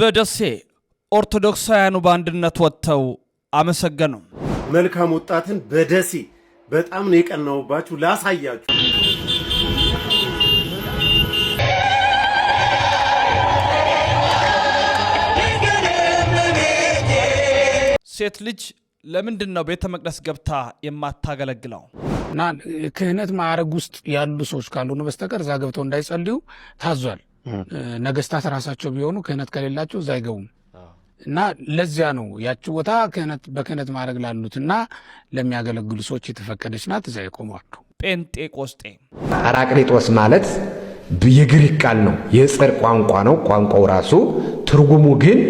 በደሴ ኦርቶዶክሳውያኑ በአንድነት ወጥተው አመሰገኑ። መልካም ወጣትን በደሴ በጣም ነው የቀናውባችሁ ላሳያችሁ። ሴት ልጅ ለምንድን ነው ቤተ መቅደስ ገብታ የማታገለግለው? ና ክህነት ማዕረግ ውስጥ ያሉ ሰዎች ካልሆነ በስተቀር እዛ ገብተው እንዳይጸልዩ ታዟል። ነገስታት ራሳቸው ቢሆኑ ክህነት ከሌላቸው እዛ አይገቡም። እና ለዚያ ነው ያች ቦታ ክህነት በክህነት ማድረግ ላሉትና ለሚያገለግሉ ሰዎች የተፈቀደች ናት። እዛ ይቆማሉ። ጴንጤቆስጤ አራቅሊጦስ ማለት የግሪክ ቃል ነው፣ የጽር ቋንቋ ነው ቋንቋው ራሱ ትርጉሙ ግን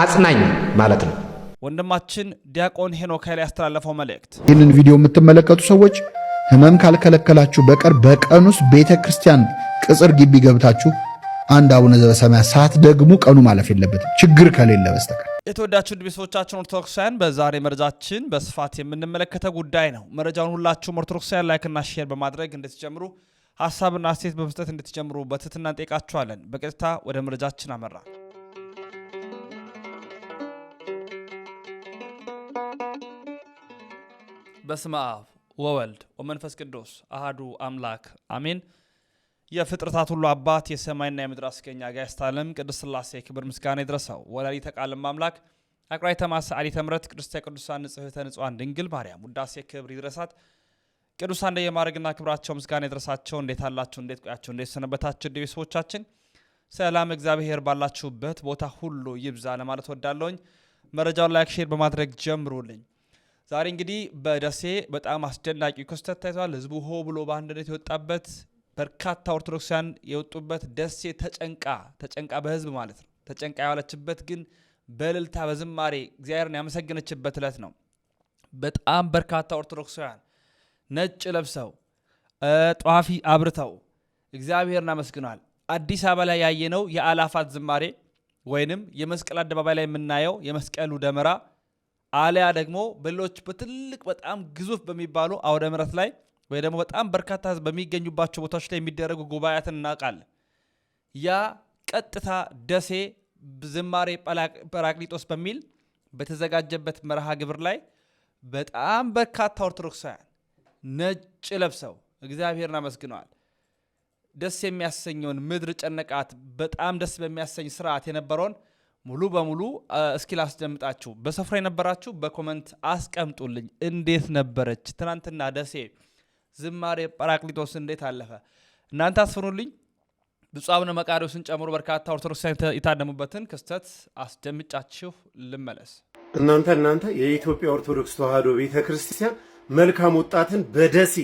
አጽናኝ ማለት ነው። ወንድማችን ዲያቆን ሄኖክ ያስተላለፈው መልእክት። ይህንን ቪዲዮ የምትመለከቱ ሰዎች ህመም ካልከለከላችሁ በቀር በቀን ውስጥ ቤተ ክርስቲያን ቅጽር ግቢ ገብታችሁ አንድ አቡነ ዘበሰማያት ሰዓት ደግሞ ቀኑ ማለፍ የለበትም ችግር ከሌለ በስተቀር። የተወዳችሁ ቤተሰቦቻችን ኦርቶዶክሳውያን በዛሬ መረጃችን በስፋት የምንመለከተው ጉዳይ ነው። መረጃውን ሁላችሁም ኦርቶዶክሳውያን ላይክና ሼር በማድረግ እንድትጀምሩ ሀሳብና አስተያየት በመስጠት እንድትጀምሩ በትህትና እንጠይቃችኋለን። በቀጥታ ወደ መረጃችን አመራ በስመ አብ ወወልድ ወመንፈስ ቅዱስ አህዱ አምላክ አሜን። የፍጥረታት ሁሉ አባት የሰማይና የምድር አስገኛ ጋይስት ዓለም ቅድስት ሥላሴ ክብር ምስጋና ይድረሰው። ወላዲተ ቃል አምላክ አቅራይ ተማሰ አሊ ተምረት ቅድስተ ቅዱሳን ንጽሕተ ንጹሐን ድንግል ማርያም ውዳሴ ክብር ይድረሳት። ቅዱሳን እንደ የማድረግና ክብራቸው ምስጋና ይድረሳቸው። እንዴት አላችሁ? እንዴት ቆያችሁ? እንዴት ሰነበታችሁ? ዲቪ ቤተሰቦቻችን ሰላም እግዚአብሔር ባላችሁበት ቦታ ሁሉ ይብዛ ለማለት ወዳለውኝ። መረጃውን ላይክ ሼር በማድረግ ጀምሩልኝ። ዛሬ እንግዲህ በደሴ በጣም አስደናቂ ክስተት ታይቷል። ህዝቡ ሆ ብሎ በአንድነት የወጣበት በርካታ ኦርቶዶክሳውያን የወጡበት ደሴ ተጨንቃ ተጨንቃ በህዝብ ማለት ነው ተጨንቃ የዋለችበት ግን በእልልታ በዝማሬ እግዚአብሔርን ያመሰገነችበት እለት ነው። በጣም በርካታ ኦርቶዶክሳውያን ነጭ ለብሰው ጧፊ አብርተው እግዚአብሔርን አመስግኗል። አዲስ አበባ ላይ ያየነው የአላፋት ዝማሬ ወይንም የመስቀል አደባባይ ላይ የምናየው የመስቀሉ ደመራ አሊያ ደግሞ በሌሎች በትልቅ በጣም ግዙፍ በሚባሉ አውደ ምረት ላይ ወይ ደግሞ በጣም በርካታ ህዝብ በሚገኙባቸው ቦታዎች ላይ የሚደረጉ ጉባኤያትን እናውቃለን። ያ ቀጥታ ደሴ ዝማሬ ጰራቅሊጦስ በሚል በተዘጋጀበት መርሃ ግብር ላይ በጣም በርካታ ኦርቶዶክሳውያን ነጭ ለብሰው እግዚአብሔርን አመስግነዋል። ደስ የሚያሰኘውን ምድር ጨነቃት በጣም ደስ በሚያሰኝ ስርዓት የነበረውን ሙሉ በሙሉ እስኪ ላስደምጣችሁ። በስፍራ የነበራችሁ በኮመንት አስቀምጡልኝ። እንዴት ነበረች ትናንትና ደሴ? ዝማሬ ጳራቅሊጦስ እንዴት አለፈ? እናንተ አስፍኑልኝ። ብፁዕ አቡነ መቃርዮስን ጨምሮ በርካታ ኦርቶዶክሳውያን የታደሙበትን ክስተት አስደምጫችሁ ልመለስ። እናንተ እናንተ የኢትዮጵያ ኦርቶዶክስ ተዋህዶ ቤተ ክርስቲያን መልካም ወጣትን በደሴ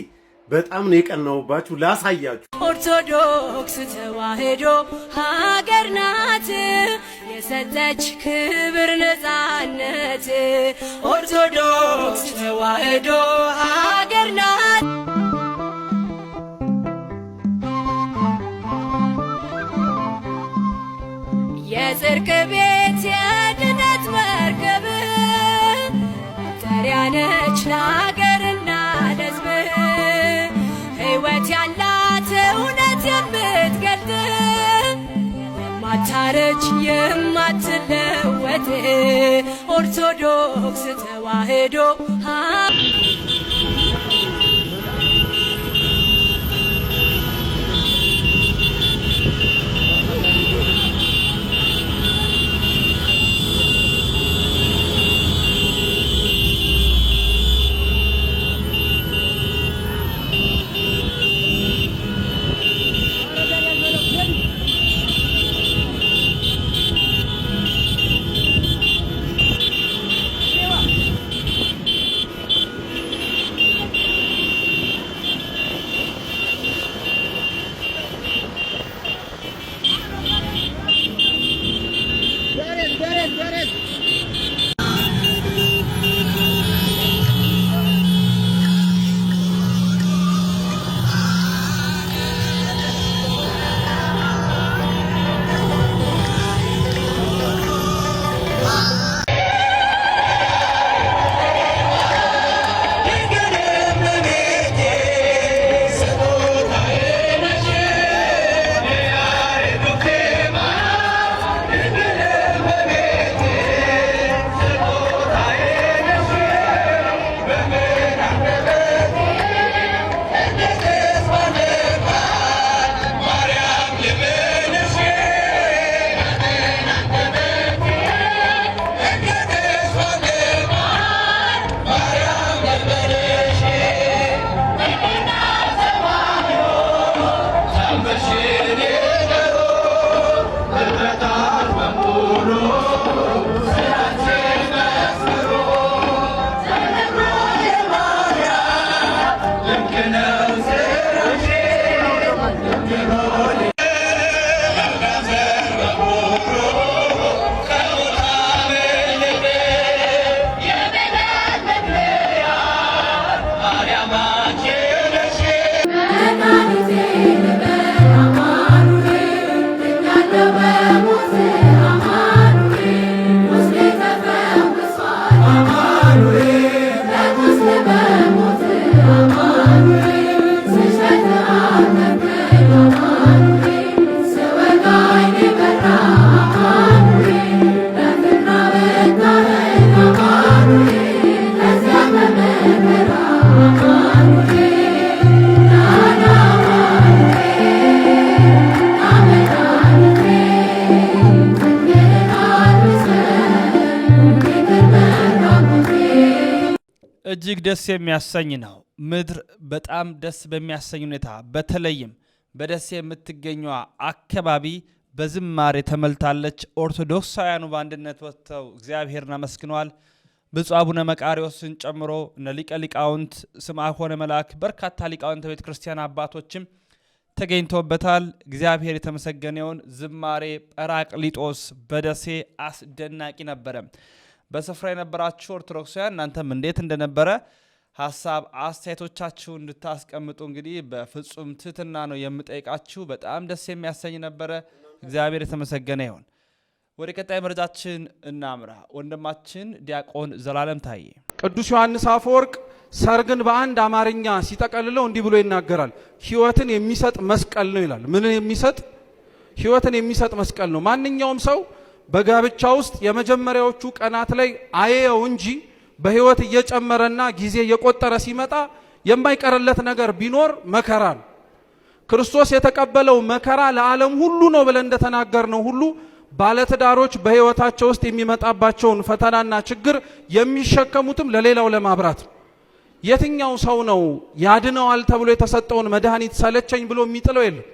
በጣም ነው የቀናውባችሁ። ላሳያችሁ ኦርቶዶክስ ተዋሄዶ ሀገር ናት የሰጠች ክብር ነፃነት። ኦርቶዶክስ ተዋሕዶ ሀገር ናት እርቅ ቤት የድነት መርከብ መጠሪያ ነች ለአገርና ለሕዝብ ሕይወት ያላት እውነት የምትገልጥ የማታረጅ የማትለወጥ ኦርቶዶክስ ተዋሕዶ ደስ የሚያሰኝ ነው። ምድር በጣም ደስ በሚያሰኝ ሁኔታ በተለይም በደሴ የምትገኘዋ አካባቢ በዝማሬ ተሞልታለች። ኦርቶዶክሳውያኑ በአንድነት ወጥተው እግዚአብሔርን አመስግነዋል። ብፁዕ አቡነ መቃሪዎስን ጨምሮ እነ ሊቀ ሊቃውንት ስምዐኮነ መልአክ በርካታ ሊቃውንት ቤተ ክርስቲያን አባቶችም ተገኝተውበታል። እግዚአብሔር የተመሰገነውን ዝማሬ ጰራቅሊጦስ በደሴ አስደናቂ ነበረ። በስፍራ የነበራችሁ ኦርቶዶክሳውያን እናንተም እንዴት እንደነበረ ሀሳብ አስተያየቶቻችሁ እንድታስቀምጡ እንግዲህ በፍጹም ትህትና ነው የምጠይቃችሁ። በጣም ደስ የሚያሰኝ ነበረ። እግዚአብሔር የተመሰገነ ይሁን። ወደ ቀጣይ መረጃችን እናምራ። ወንድማችን ዲያቆን ዘላለም ታዬ ቅዱስ ዮሐንስ አፈወርቅ ሰርግን በአንድ አማርኛ ሲጠቀልለው እንዲህ ብሎ ይናገራል። ሕይወትን የሚሰጥ መስቀል ነው ይላል። ምን የሚሰጥ ሕይወትን የሚሰጥ መስቀል ነው። ማንኛውም ሰው በጋብቻ ውስጥ የመጀመሪያዎቹ ቀናት ላይ አየው እንጂ በህይወት እየጨመረና ጊዜ እየቆጠረ ሲመጣ የማይቀርለት ነገር ቢኖር መከራ ነው። ክርስቶስ የተቀበለው መከራ ለዓለም ሁሉ ነው ብለን ነው ሁሉ ባለትዳሮች በህይወታቸው ውስጥ የሚመጣባቸውን ፈተናና ችግር የሚሸከሙትም ለሌላው ለማብራት ነው። የትኛው ሰው ነው ያድነዋል ተብሎ የተሰጠውን መድኃኒት ሰለቸኝ ብሎ የሚጥለው የለም።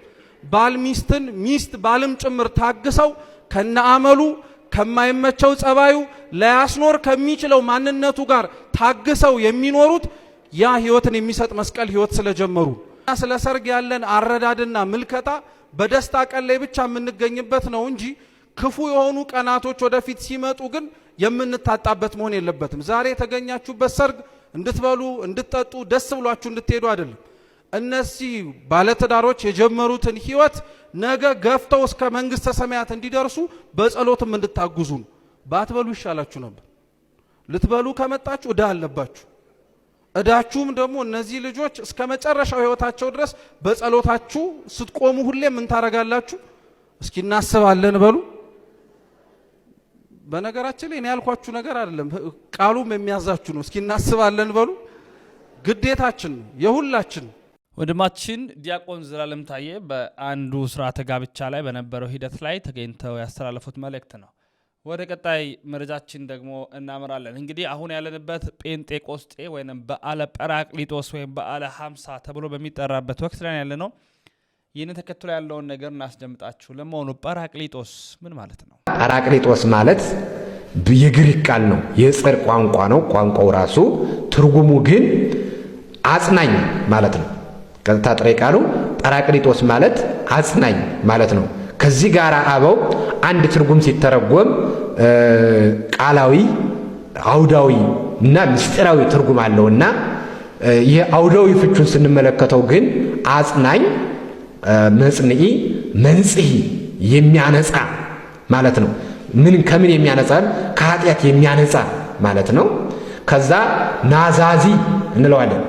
ባል ሚስትን፣ ሚስት ባልም ጭምር ታግሰው ከነአመሉ ከማይመቸው ጸባዩ ላያስኖር ከሚችለው ማንነቱ ጋር ታግሰው የሚኖሩት ያ ህይወትን የሚሰጥ መስቀል ህይወት ስለጀመሩ ስለ ሰርግ ያለን አረዳድና ምልከታ በደስታ ቀን ላይ ብቻ የምንገኝበት ነው እንጂ ክፉ የሆኑ ቀናቶች ወደፊት ሲመጡ ግን የምንታጣበት መሆን የለበትም። ዛሬ የተገኛችሁበት ሰርግ እንድትበሉ፣ እንድትጠጡ፣ ደስ ብሏችሁ እንድትሄዱ አይደለም። እነዚህ ባለትዳሮች የጀመሩትን ህይወት ነገ ገፍተው እስከ መንግስተ ሰማያት እንዲደርሱ በጸሎትም እንድታግዙ ነው። ባትበሉ ይሻላችሁ ነበር። ልትበሉ ከመጣችሁ እዳ አለባችሁ። እዳችሁም ደግሞ እነዚህ ልጆች እስከ መጨረሻው ህይወታቸው ድረስ በጸሎታችሁ ስትቆሙ ሁሌ ምን ታረጋላችሁ? እስኪ እናስባለን በሉ። በነገራችን ላይ እኔ ያልኳችሁ ነገር አይደለም፣ ቃሉም የሚያዛችሁ ነው። እስኪ እናስባለን በሉ። ግዴታችን ነው የሁላችን ወንድማችን ዲያቆን ዘላለም ታየ በአንዱ ስርዓተ ጋብቻ ላይ በነበረው ሂደት ላይ ተገኝተው ያስተላለፉት መልእክት ነው። ወደ ቀጣይ መረጃችን ደግሞ እናመራለን። እንግዲህ አሁን ያለንበት ጴንጤቆስጤ ወይም በዓለ ጰራቅሊጦስ ወይም በዓለ ሀምሳ ተብሎ በሚጠራበት ወቅት ላይ ያለ ነው። ይህንን ተከትሎ ያለውን ነገር እናስደምጣችሁ። ለመሆኑ ጰራቅሊጦስ ምን ማለት ነው? ጰራቅሊጦስ ማለት የግሪክ ቃል ነው። የጽር ቋንቋ ነው ቋንቋው ራሱ ትርጉሙ ግን አጽናኝ ማለት ነው። ቀጥታ ጥሬ ቃሉ ጳራቅሊጦስ ማለት አጽናኝ ማለት ነው። ከዚህ ጋር አበው አንድ ትርጉም ሲተረጎም ቃላዊ፣ አውዳዊ እና ምስጢራዊ ትርጉም አለውና ይህ አውዳዊ ፍቹን ስንመለከተው ግን አጽናኝ፣ መጽንዒ፣ መንጽሂ የሚያነጻ ማለት ነው። ምን ከምን የሚያነጻ ከኃጢአት የሚያነጻ ማለት ነው። ከዛ ናዛዚ እንለዋለን።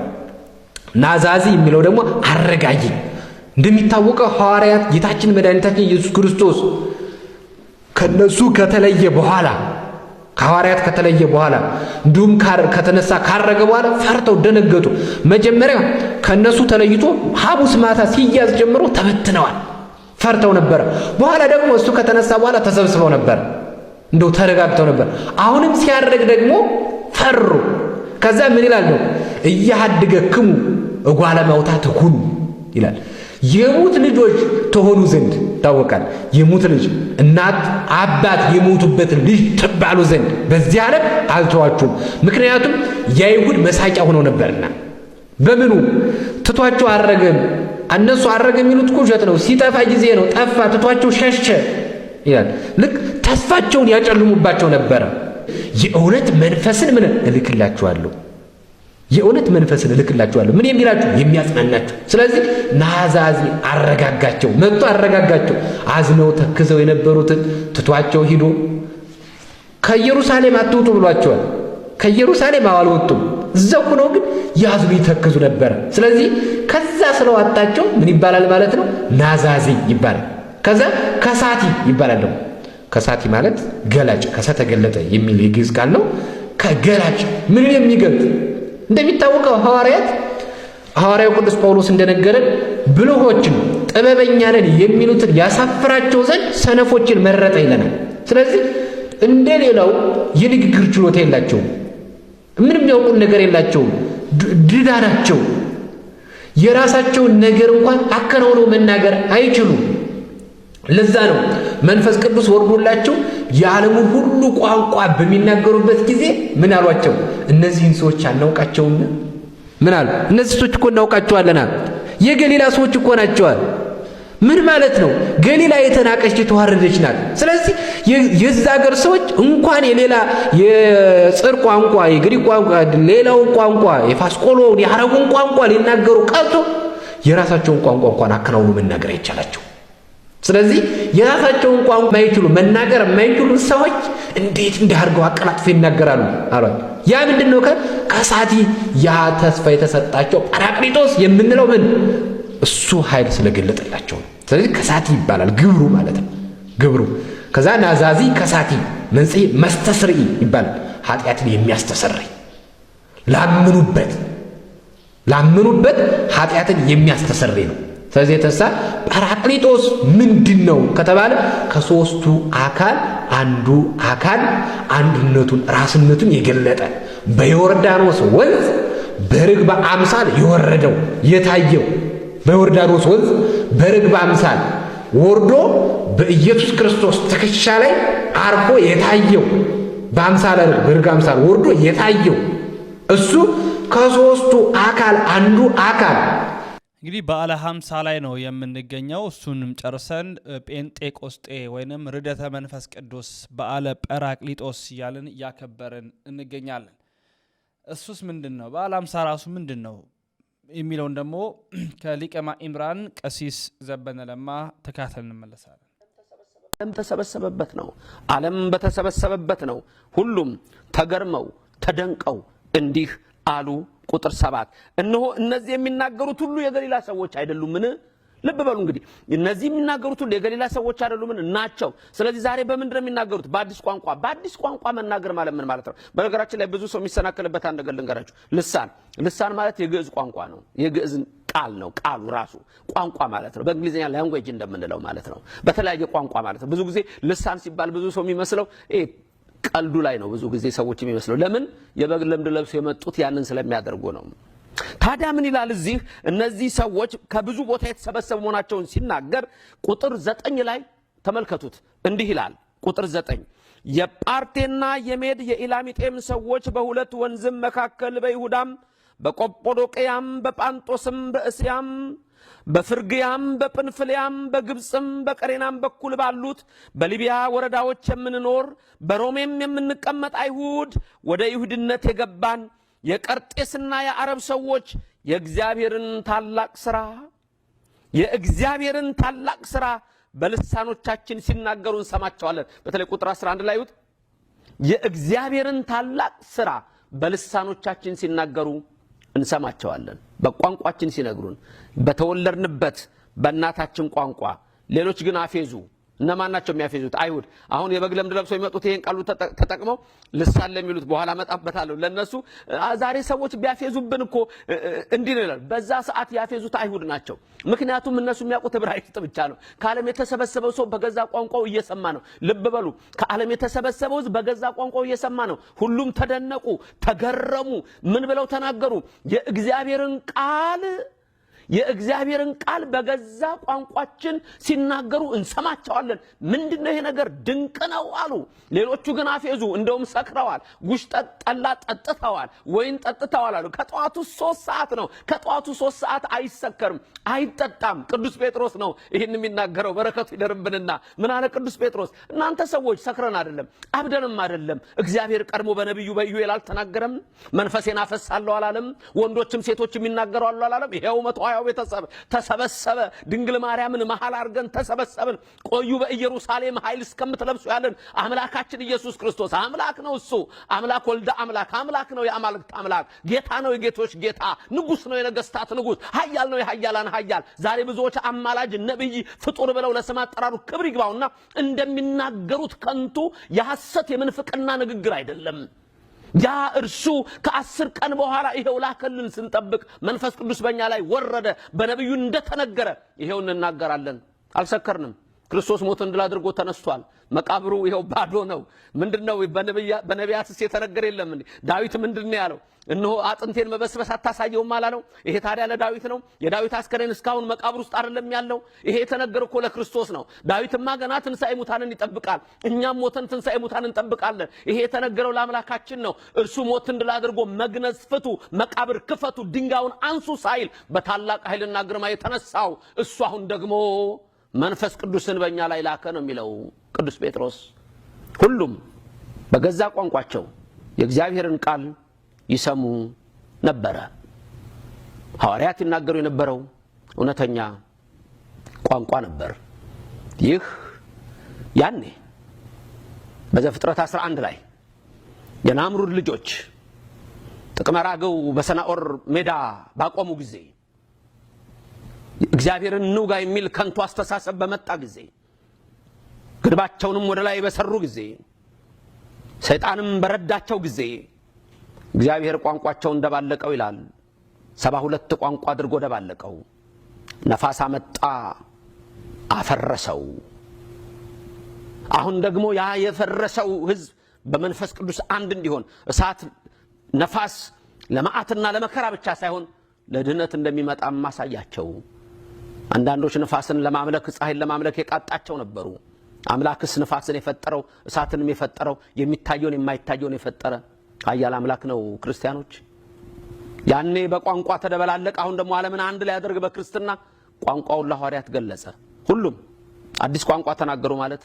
ናዛዚ የሚለው ደግሞ አረጋጊ እንደሚታወቀው ሐዋርያት ጌታችን መድኃኒታችን ኢየሱስ ክርስቶስ ከነሱ ከተለየ በኋላ ከሐዋርያት ከተለየ በኋላ እንዲሁም ከተነሳ ካረገ በኋላ ፈርተው ደነገጡ። መጀመሪያ ከነሱ ተለይቶ ሐሙስ ማታ ሲያዝ ጀምሮ ተበትነዋል፣ ፈርተው ነበር። በኋላ ደግሞ እሱ ከተነሳ በኋላ ተሰብስበው ነበር፣ እንደው ተረጋግተው ነበር። አሁንም ሲያደርግ ደግሞ ፈሩ። ከዛ ምን ይላል ነው እያሃድገክሙ እጓለ ማውታ ትኩኑ ይላል። የሙት ልጆች ተሆኑ ዘንድ ይታወቃል። የሙት ልጅ እናት አባት የሞቱበትን ልጅ ትባሉ ዘንድ በዚህ ዓለም አልተዋችሁም። ምክንያቱም የአይሁድ መሳቂያ ሆነው ነበርና በምኑ ትቷቸው አረገም። እነሱ አረገ የሚሉት ውሸት ነው። ሲጠፋ ጊዜ ነው። ጠፋ፣ ትቷቸው ሸሸ ይላል። ልክ ተስፋቸውን ያጨልሙባቸው ነበረ። የእውነት መንፈስን ምን እልክላችኋለሁ የእውነት መንፈስን እልክላችኋለሁ። ምን የሚላችሁ የሚያጽናናችሁ። ስለዚህ ናዛዚ አረጋጋቸው፣ መጥቶ አረጋጋቸው። አዝነው ተክዘው የነበሩትን ትቷቸው ሂዶ ከኢየሩሳሌም አትውጡ ብሏቸዋል። ከኢየሩሳሌም አልወጡም። እዛው ሆነው ግን ያዝኑ ይተክዙ ነበር። ስለዚህ ከዛ ስለዋጣቸው ምን ይባላል ማለት ነው? ናዛዚ ይባላል። ከዛ ከሳቲ ይባላል ደግሞ ከሳቲ ማለት ገላጭ፣ ከሰተገለጠ የሚል የግዕዝ ቃል ነው። ከገላጭ ምንን የሚገልጥ እንደሚታወቀው ሐዋርያት ሐዋርያው ቅዱስ ጳውሎስ እንደነገረን ብልሆችን ጥበበኛ የሚሉትን ያሳፍራቸው ዘንድ ሰነፎችን መረጠ ይለናል። ስለዚህ እንደ ሌላው የንግግር ችሎታ የላቸውም። ምንም ያውቁን ነገር የላቸውም። ድዳ ናቸው። የራሳቸውን ነገር እንኳን አከናውነው መናገር አይችሉም። ለዛ ነው መንፈስ ቅዱስ ወርዶላቸው የዓለሙ ሁሉ ቋንቋ በሚናገሩበት ጊዜ ምን አሏቸው? እነዚህን ሰዎች አናውቃቸውም? ምን አሉ? እነዚህ ሰዎች እኮ እናውቃቸዋለና የገሊላ ሰዎች እኮ ናቸዋል። ምን ማለት ነው? ገሊላ የተናቀች የተዋረደች ናት። ስለዚህ የዚ ሀገር ሰዎች እንኳን የሌላ የጽር ቋንቋ፣ የግሪክ ቋንቋ፣ ሌላውን ቋንቋ፣ የፋስቆሎውን፣ የአረቡን ቋንቋ ሊናገሩ ቀርቶ የራሳቸውን ቋንቋ እንኳን አከናውኑ መናገር አይቻላቸው ስለዚህ የራሳቸውን ቋንቋ የማይችሉ መናገር የማይችሉ ሰዎች እንዴት እንዲህ አቀላጥፎ ይናገራሉ አሏል። ያ ምንድን ነው? ከሳቲ ያ ተስፋ የተሰጣቸው ጳራቅሊጦስ የምንለው ምን እሱ ኃይል ስለገለጠላቸው ነው። ስለዚህ ከሳቲ ይባላል ግብሩ ማለት ነው። ግብሩ ከዛ ናዛዚ ከሳቲ መንጽሔ መስተስርኢ ይባላል። ኃጢአትን የሚያስተሰርይ ላምኑበት ላምኑበት ኃጢአትን የሚያስተሰርይ ነው። ስለዚህ የተሳ ጳራቅሊጦስ ምንድን ነው ከተባለ ከሶስቱ አካል አንዱ አካል አንድነቱን ራስነቱን የገለጠ በዮርዳኖስ ወንዝ በርግብ አምሳል የወረደው የታየው በዮርዳኖስ ወንዝ በርግብ አምሳል ወርዶ በኢየሱስ ክርስቶስ ትከሻ ላይ አርፎ የታየው በአምሳለ ርግብ በርግብ አምሳል ወርዶ የታየው እሱ ከሶስቱ አካል አንዱ አካል እንግዲህ በዓለ ሀምሳ ላይ ነው የምንገኘው። እሱንም ጨርሰን ጴንጤቆስጤ ወይንም ርደተ መንፈስ ቅዱስ በዓለ ጰራቅሊጦስ እያልን እያከበርን እንገኛለን። እሱስ ምንድን ነው? በዓለ ሀምሳ ራሱ ምንድን ነው የሚለውን ደግሞ ከሊቀማ ኢምራን ቀሲስ ዘበነ ለማ ተካተል እንመለሳለን። ዓለም ተሰበሰበበት ነው። ዓለም በተሰበሰበበት ነው። ሁሉም ተገርመው ተደንቀው እንዲህ አሉ ቁጥር ሰባት እነሆ እነዚህ የሚናገሩት ሁሉ የገሊላ ሰዎች አይደሉምን? ልብ በሉ እንግዲህ እነዚህ የሚናገሩት ሁሉ የገሊላ ሰዎች አይደሉምን? ናቸው። ስለዚህ ዛሬ በምንድን ነው የሚናገሩት? በአዲስ ቋንቋ። በአዲስ ቋንቋ መናገር ማለት ምን ማለት ነው? በነገራችን ላይ ብዙ ሰው የሚሰናከልበት አንድ ነገር ልንገራችሁ። ልሳን ልሳን ማለት የግዕዝ ቋንቋ ነው። የግዕዝ ቃል ነው። ቃሉ ራሱ ቋንቋ ማለት ነው። በእንግሊዝኛ ላንጉዌጅ እንደምንለው ማለት ነው። በተለያየ ቋንቋ ማለት ነው። ብዙ ጊዜ ልሳን ሲባል ብዙ ሰው የሚመስለው ቀልዱ ላይ ነው ብዙ ጊዜ ሰዎች የሚመስለው። ለምን የበግ ለምድ ለብሶ የመጡት ያንን ስለሚያደርጉ ነው። ታዲያ ምን ይላል እዚህ? እነዚህ ሰዎች ከብዙ ቦታ የተሰበሰቡ መሆናቸውን ሲናገር ቁጥር ዘጠኝ ላይ ተመልከቱት። እንዲህ ይላል ቁጥር ዘጠኝ የጳርቴና የሜድ የኢላሚጤም ሰዎች በሁለት ወንዝም መካከል በይሁዳም በቆጶዶቅያም በጳንጦስም በእስያም በፍርግያም በጵንፍልያም በግብፅም በቀሬናም በኩል ባሉት በሊቢያ ወረዳዎች የምንኖር በሮሜም የምንቀመጥ አይሁድ ወደ ይሁድነት የገባን የቀርጤስና የአረብ ሰዎች የእግዚአብሔርን ታላቅ ሥራ የእግዚአብሔርን ታላቅ ሥራ በልሳኖቻችን ሲናገሩ እንሰማቸዋለን። በተለይ ቁጥር 11 ላይ ይሁት የእግዚአብሔርን ታላቅ ሥራ በልሳኖቻችን ሲናገሩ እንሰማቸዋለን። በቋንቋችን ሲነግሩን በተወለድንበት በእናታችን ቋንቋ ሌሎች ግን አፌዙ እነማን ናቸው የሚያፌዙት? አይሁድ። አሁን የበግ ለምድ ለብሰው የሚመጡት ይሄን ቃሉ ተጠቅመው ልሳን ለሚሉት በኋላ መጣበታለሁ። ለነሱ ዛሬ ሰዎች ቢያፌዙብን እኮ እንዲህ ይላል። በዛ ሰዓት ያፌዙት አይሁድ ናቸው። ምክንያቱም እነሱ የሚያውቁት ዕብራይስጥ ብቻ ነው። ከዓለም የተሰበሰበው ሰው በገዛ ቋንቋው እየሰማ ነው። ልብ በሉ፣ ከዓለም የተሰበሰበው ሕዝብ በገዛ ቋንቋው እየሰማ ነው። ሁሉም ተደነቁ፣ ተገረሙ። ምን ብለው ተናገሩ? የእግዚአብሔርን ቃል የእግዚአብሔርን ቃል በገዛ ቋንቋችን ሲናገሩ እንሰማቸዋለን። ምንድነው ይሄ ነገር? ድንቅ ነው አሉ። ሌሎቹ ግን አፌዙ፣ እንደውም ሰክረዋል፣ ጉሽ ጠላ ጠጥተዋል፣ ወይን ጠጥተዋል አሉ። ከጠዋቱ ሶስት ሰዓት ነው። ከጠዋቱ ሶስት ሰዓት አይሰከርም፣ አይጠጣም። ቅዱስ ጴጥሮስ ነው ይህን የሚናገረው። በረከቱ ይደርብንና ምን አለ ቅዱስ ጴጥሮስ? እናንተ ሰዎች ሰክረን አይደለም አብደንም አይደለም። እግዚአብሔር ቀድሞ በነቢዩ በኢዩኤል አልተናገረም? መንፈሴን አፈሳለሁ አላለም? ወንዶችም ሴቶችም ይናገራሉ አላለም? ይኸው መቶ የሰማያዊ ቤተሰብ ተሰበሰበ። ድንግል ማርያምን መሀል አድርገን ተሰበሰብን። ቆዩ በኢየሩሳሌም ኃይል እስከምትለብሱ ያለን አምላካችን ኢየሱስ ክርስቶስ አምላክ ነው። እሱ አምላክ ወልደ አምላክ አምላክ ነው፣ የአማልክት አምላክ ጌታ ነው፣ የጌቶች ጌታ ንጉሥ ነው፣ የነገስታት ንጉሥ ኃያል ነው፣ የኃያላን ኃያል። ዛሬ ብዙዎች አማላጅ፣ ነቢይ፣ ፍጡር ብለው ለስም አጠራሩ ክብር ይግባውና እንደሚናገሩት ከንቱ የሐሰት የምንፍቅና ንግግር አይደለም። ያ እርሱ ከአስር ቀን በኋላ ይሄው ላከልን ስንጠብቅ መንፈስ ቅዱስ በእኛ ላይ ወረደ። በነቢዩ እንደተነገረ ይሄው እንናገራለን። አልሰከርንም። ክርስቶስ ሞትን ድል አድርጎ ተነስቷል። መቃብሩ ይኸው ባዶ ነው። ምንድን ነው በነቢያትስ የተነገረ የለም? ዳዊት ምንድን ነው ያለው? እነሆ አጥንቴን መበስበስ አታሳየውም አላለው? ይሄ ታዲያ ለዳዊት ነው? የዳዊት አስከሬን እስካሁን መቃብር ውስጥ አይደለም ያለው? ይሄ የተነገር እኮ ለክርስቶስ ነው። ዳዊትማ ገና ትንሣኤ ሙታንን ይጠብቃል፣ እኛም ሞተን ትንሣኤ ሙታን እንጠብቃለን። ይሄ የተነገረው ለአምላካችን ነው። እርሱ ሞትን ድል አድርጎ መግነዝ ፍቱ፣ መቃብር ክፈቱ፣ ድንጋዩን አንሱ ሳይል በታላቅ ኃይልና ግርማ የተነሳው እሱ አሁን ደግሞ መንፈስ ቅዱስን በእኛ ላይ ላከ ነው የሚለው ቅዱስ ጴጥሮስ። ሁሉም በገዛ ቋንቋቸው የእግዚአብሔርን ቃል ይሰሙ ነበረ። ሐዋርያት ይናገሩ የነበረው እውነተኛ ቋንቋ ነበር። ይህ ያኔ በዘፍጥረት 11 ላይ የናምሩድ ልጆች ጥቅመራገው በሰናኦር ሜዳ ባቆሙ ጊዜ እግዚአብሔርን እንውጋ የሚል ከንቱ አስተሳሰብ በመጣ ጊዜ ግድባቸውንም ወደ ላይ በሰሩ ጊዜ ሰይጣንም በረዳቸው ጊዜ እግዚአብሔር ቋንቋቸው እንደባለቀው ይላል። ሰባ ሁለት ቋንቋ አድርጎ ደባለቀው። ነፋስ አመጣ አፈረሰው። አሁን ደግሞ ያ የፈረሰው ህዝብ በመንፈስ ቅዱስ አንድ እንዲሆን እሳት፣ ነፋስ ለመዓትና ለመከራ ብቻ ሳይሆን ለድህነት እንደሚመጣ ማሳያቸው አንዳንዶች ንፋስን ለማምለክ ፀሐይን ለማምለክ የቃጣቸው ነበሩ። አምላክስ ንፋስን የፈጠረው እሳትንም የፈጠረው የሚታየውን የማይታየውን የፈጠረ ኃያል አምላክ ነው። ክርስቲያኖች ያኔ በቋንቋ ተደበላለቀ አሁን ደግሞ ዓለምን አንድ ላይ ያደርግ በክርስትና ቋንቋውን ለሐዋርያት ገለጸ። ሁሉም አዲስ ቋንቋ ተናገሩ ማለት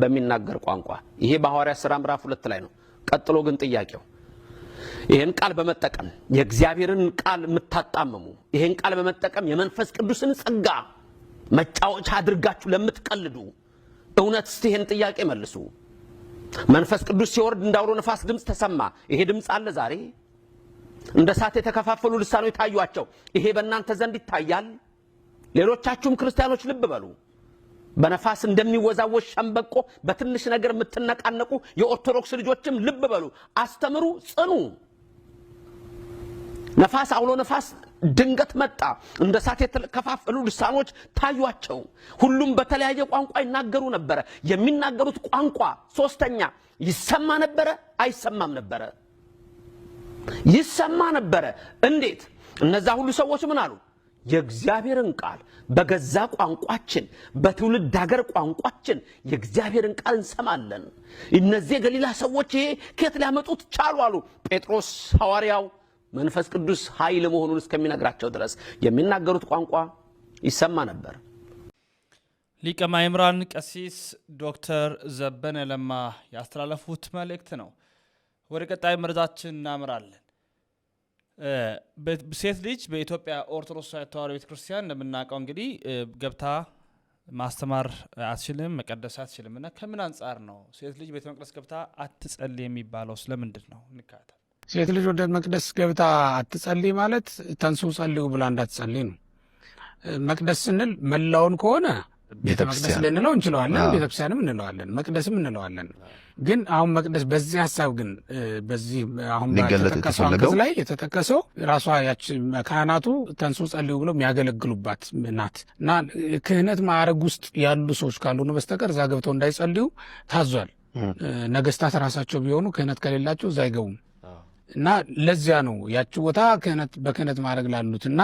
በሚናገር ቋንቋ ይሄ በሐዋርያት ሥራ ምዕራፍ ሁለት ላይ ነው። ቀጥሎ ግን ጥያቄው ይህን ቃል በመጠቀም የእግዚአብሔርን ቃል የምታጣመሙ ይህን ቃል በመጠቀም የመንፈስ ቅዱስን ጸጋ መጫወቻ አድርጋችሁ ለምትቀልዱ እውነት እስቲ ይህን ጥያቄ መልሱ። መንፈስ ቅዱስ ሲወርድ እንዳውሎ ነፋስ ድምፅ ተሰማ። ይሄ ድምፅ አለ ዛሬ እንደ እሳት የተከፋፈሉ ልሳኖች ታዩአቸው። ይሄ በእናንተ ዘንድ ይታያል። ሌሎቻችሁም ክርስቲያኖች ልብ በሉ። በነፋስ እንደሚወዛወዝ ሸምበቆ በትንሽ ነገር የምትነቃነቁ የኦርቶዶክስ ልጆችም ልብ በሉ፣ አስተምሩ፣ ጽኑ። ነፋስ አውሎ ነፋስ ድንገት መጣ። እንደ እሳት የተከፋፈሉ ልሳኖች ታዩአቸው። ሁሉም በተለያየ ቋንቋ ይናገሩ ነበረ። የሚናገሩት ቋንቋ ሶስተኛ ይሰማ ነበረ፣ አይሰማም ነበረ። ይሰማ ነበረ። እንዴት? እነዛ ሁሉ ሰዎች ምን አሉ? የእግዚአብሔርን ቃል በገዛ ቋንቋችን በትውልድ ሀገር ቋንቋችን የእግዚአብሔርን ቃል እንሰማለን። እነዚህ የገሊላ ሰዎች ይሄ ከየት ሊያመጡት ቻሉ? አሉ ጴጥሮስ ሐዋርያው መንፈስ ቅዱስ ኃይል መሆኑን እስከሚነግራቸው ድረስ የሚናገሩት ቋንቋ ይሰማ ነበር። ሊቀ ማእምራን ቀሲስ ዶክተር ዘበነ ለማ ያስተላለፉት መልእክት ነው። ወደ ቀጣይ መረጃችን እናምራለን። ሴት ልጅ በኢትዮጵያ ኦርቶዶክስ ተዋሕዶ ቤተክርስቲያን እንደምናውቀው እንግዲህ ገብታ ማስተማር አትችልም፣ መቀደስ አትችልም እና ከምን አንጻር ነው ሴት ልጅ ቤተ መቅደስ ገብታ አትጸልይ የሚባለው? ስለምንድን ነው? እንካታል ሴት ልጅ ወደ መቅደስ ገብታ አትጸልይ ማለት ተንሱ ጸልዩ ብላ እንዳትጸልይ ነው። መቅደስ ስንል መላውን ከሆነ ቤተ ልንለው እንችለዋለን፣ ቤተክርስቲያንም እንለዋለን፣ መቅደስም እንለዋለን። ግን አሁን መቅደስ በዚህ ሀሳብ ግን በዚህ አሁን የተጠቀሰው አንቀጽ ላይ የተጠቀሰው ራሷ ያች ካህናቱ ተንሱ ጸልዩ ብለው የሚያገለግሉባት ናት እና ክህነት ማዕረግ ውስጥ ያሉ ሰዎች ካልሆኑ በስተቀር እዛ ገብተው እንዳይጸልዩ ታዟል። ነገስታት ራሳቸው ቢሆኑ ክህነት ከሌላቸው እዛ አይገቡም። እና ለዚያ ነው ያቺ ቦታ ክህነት በክህነት ማድረግ ላሉትና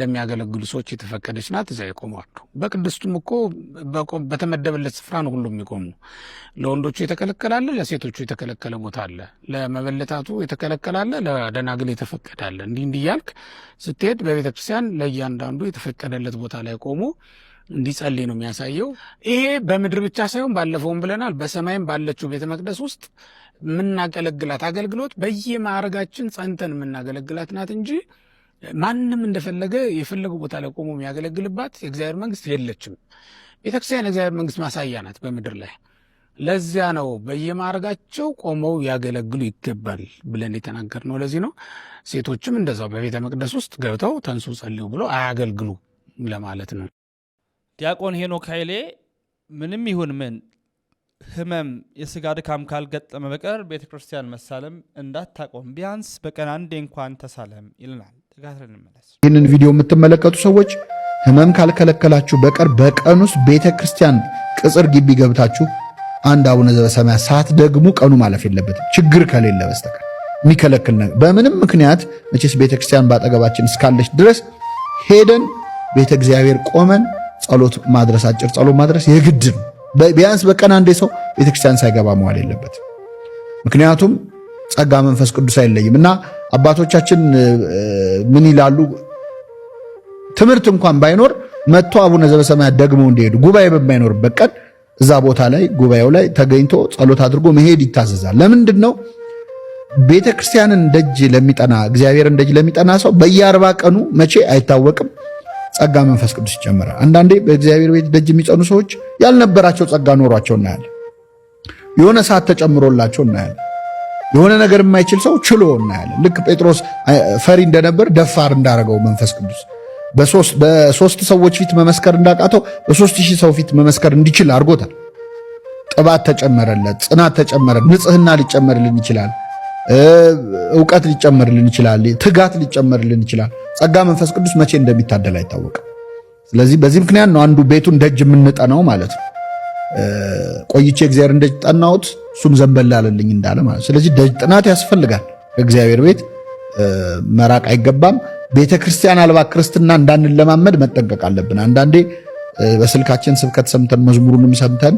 ለሚያገለግሉ ሰዎች የተፈቀደች ናት። እዚያ ይቆማሉ። በቅድስቱም እኮ በተመደበለት ስፍራ ነው ሁሉም የሚቆሙ። ለወንዶቹ የተከለከላለ፣ ለሴቶቹ የተከለከለ ቦታ አለ። ለመበለታቱ የተከለከላለ፣ ለደናግል የተፈቀዳለ። እንዲህ እንዲህ እያልክ ስትሄድ በቤተክርስቲያን ለእያንዳንዱ የተፈቀደለት ቦታ ላይ ቆሞ እንዲጸልይ ነው የሚያሳየው። ይሄ በምድር ብቻ ሳይሆን ባለፈውም ብለናል፣ በሰማይም ባለችው ቤተ መቅደስ ውስጥ የምናገለግላት አገልግሎት በየማዕረጋችን ጸንተን የምናገለግላት ናት እንጂ ማንም እንደፈለገ የፈለገው ቦታ ላይ ቆሞ የሚያገለግልባት የእግዚአብሔር መንግስት የለችም። ቤተክርስቲያን የእግዚአብሔር መንግስት ማሳያ ናት በምድር ላይ። ለዚያ ነው በየማዕረጋቸው ቆመው ያገለግሉ ይገባል ብለን የተናገርነው። ለዚህ ነው ሴቶችም እንደዛው በቤተ መቅደስ ውስጥ ገብተው ተንሱ ጸልዩ ብሎ አያገልግሉ ለማለት ነው። ዲያቆን ሄኖክ ኃይሌ ምንም ይሁን ምን ህመም፣ የስጋ ድካም ካልገጠመ በቀር ቤተ ክርስቲያን መሳለም እንዳታቆም፣ ቢያንስ በቀን አንዴ እንኳን ተሳለም ይልናል። ተጋትረን እንመለስ። ይህንን ቪዲዮ የምትመለከቱ ሰዎች ህመም ካልከለከላችሁ በቀር በቀን ውስጥ ቤተ ክርስቲያን ቅጽር ግቢ ገብታችሁ አንድ አቡነ ዘበሰማያት ደግሞ ቀኑ ማለፍ የለበትም፣ ችግር ከሌለ በስተቀር የሚከለክል ነገር በምንም ምክንያት መቼስ ቤተ ክርስቲያን በአጠገባችን እስካለች ድረስ ሄደን ቤተ እግዚአብሔር ቆመን ጸሎት ማድረስ አጭር ጸሎት ማድረስ የግድ ነው። ቢያንስ በቀን አንዴ ሰው ቤተክርስቲያን ሳይገባ መዋል የለበት። ምክንያቱም ጸጋ መንፈስ ቅዱስ አይለይም እና አባቶቻችን ምን ይላሉ? ትምህርት እንኳን ባይኖር መጥቶ አቡነ ዘበሰማያት ደግሞ እንዲሄዱ ጉባኤ በማይኖርበት ቀን እዛ ቦታ ላይ ጉባኤው ላይ ተገኝቶ ጸሎት አድርጎ መሄድ ይታዘዛል። ለምንድን ነው? ቤተክርስቲያንን ደጅ ለሚጠና እግዚአብሔርን ደጅ ለሚጠና ሰው በየአርባ ቀኑ መቼ አይታወቅም ጸጋ መንፈስ ቅዱስ ይጨምራል። አንዳንዴ በእግዚአብሔር ቤት ደጅ የሚጸኑ ሰዎች ያልነበራቸው ጸጋ ኖሯቸው እናያለን። የሆነ ሰዓት ተጨምሮላቸው እናያለን። የሆነ ነገር የማይችል ሰው ችሎ እናያለን። ልክ ጴጥሮስ ፈሪ እንደነበር ደፋር እንዳረገው መንፈስ ቅዱስ በሶስት ሰዎች ፊት መመስከር እንዳቃተው በሶስት ሺህ ሰው ፊት መመስከር እንዲችል አድርጎታል። ጥባት ተጨመረለት፣ ጽናት ተጨመረ፣ ንጽህና ሊጨመርልን ይችላል። እውቀት ሊጨመርልን ይችላል። ትጋት ሊጨመርልን ይችላል። ጸጋ መንፈስ ቅዱስ መቼ እንደሚታደል አይታወቅም። ስለዚህ በዚህ ምክንያት ነው አንዱ ቤቱን ደጅ የምንጠናው ማለት ነው። ቆይቼ እግዚአብሔር እንደጅ ጠናሁት እሱም ዘንበል አለልኝ እንዳለ ማለት ነው። ስለዚህ ደጅ ጥናት ያስፈልጋል። እግዚአብሔር ቤት መራቅ አይገባም። ቤተ ክርስቲያን አልባ ክርስትና እንዳንለማመድ መጠንቀቅ አለብን። አንዳንዴ በስልካችን ስብከት ሰምተን መዝሙሩንም ሰምተን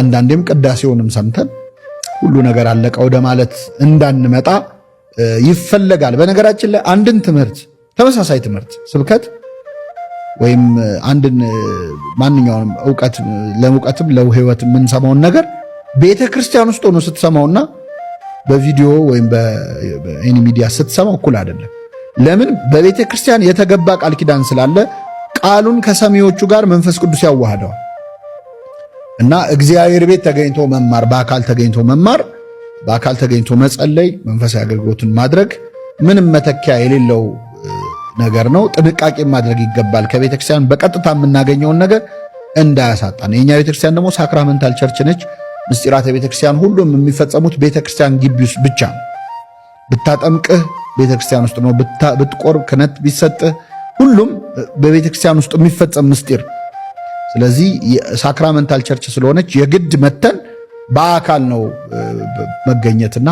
አንዳንዴም ቅዳሴውንም ሰምተን ሁሉ ነገር አለቀ ወደ ማለት እንዳንመጣ ይፈለጋል። በነገራችን ላይ አንድን ትምህርት ተመሳሳይ ትምህርት ስብከት ወይም አንድን ማንኛውንም እውቀት ለእውቀትም ለህይወት የምንሰማውን ነገር ቤተ ክርስቲያን ውስጥ ሆኖ ስትሰማውና በቪዲዮ ወይም በኤኒ ሚዲያ ስትሰማው እኩል አይደለም። ለምን? በቤተ ክርስቲያን የተገባ ቃል ኪዳን ስላለ ቃሉን ከሰሚዎቹ ጋር መንፈስ ቅዱስ ያዋህደዋል። እና እግዚአብሔር ቤት ተገኝቶ መማር፣ በአካል ተገኝቶ መማር፣ በአካል ተገኝቶ መጸለይ፣ መንፈሳዊ አገልግሎትን ማድረግ ምንም መተኪያ የሌለው ነገር ነው። ጥንቃቄ ማድረግ ይገባል። ከቤተክርስቲያን በቀጥታ የምናገኘውን ነገር እንዳያሳጣን። የኛ ቤተክርስቲያን ደግሞ ሳክራመንታል ቸርች ነች። ምስጢራተ ቤተክርስቲያን ሁሉም የሚፈጸሙት ቤተክርስቲያን ግቢ ውስጥ ብቻ ነው። ብታጠምቅህ ቤተክርስቲያን ውስጥ ነው። ብትቆርብ ክነት ቢሰጥህ ሁሉም በቤተክርስቲያን ውስጥ የሚፈጸም ምስጢር ስለዚህ ሳክራመንታል ቸርች ስለሆነች የግድ መተን በአካል ነው መገኘትና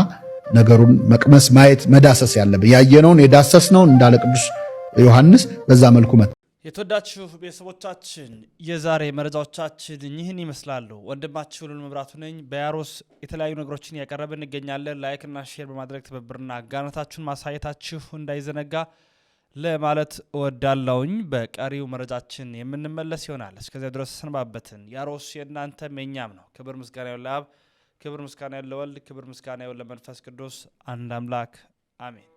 ነገሩን መቅመስ፣ ማየት፣ መዳሰስ ያለብን ያየነውን የዳሰስነውን እንዳለ ቅዱስ ዮሐንስ በዛ መልኩ መ የተወዳችሁ ቤተሰቦቻችን የዛሬ መረጃዎቻችን ይህን ይመስላሉ። ወንድማችሁ ሉል መብራቱ ነኝ። በያሮስ የተለያዩ ነገሮችን እያቀረብ እንገኛለን። ላይክና ሼር በማድረግ ትብብርና ጋነታችሁን ማሳየታችሁ እንዳይዘነጋ ለማለት እወዳለውኝ። በቀሪው መረጃችን የምንመለስ ይሆናል። እስከዚያ ድረስ ሰንባበትን። ያሮስ የእናንተም የኛም ነው። ክብር ምስጋና ለአብ፣ ክብር ምስጋና ለወልድ፣ ክብር ምስጋና ለመንፈስ ቅዱስ አንድ አምላክ አሜን።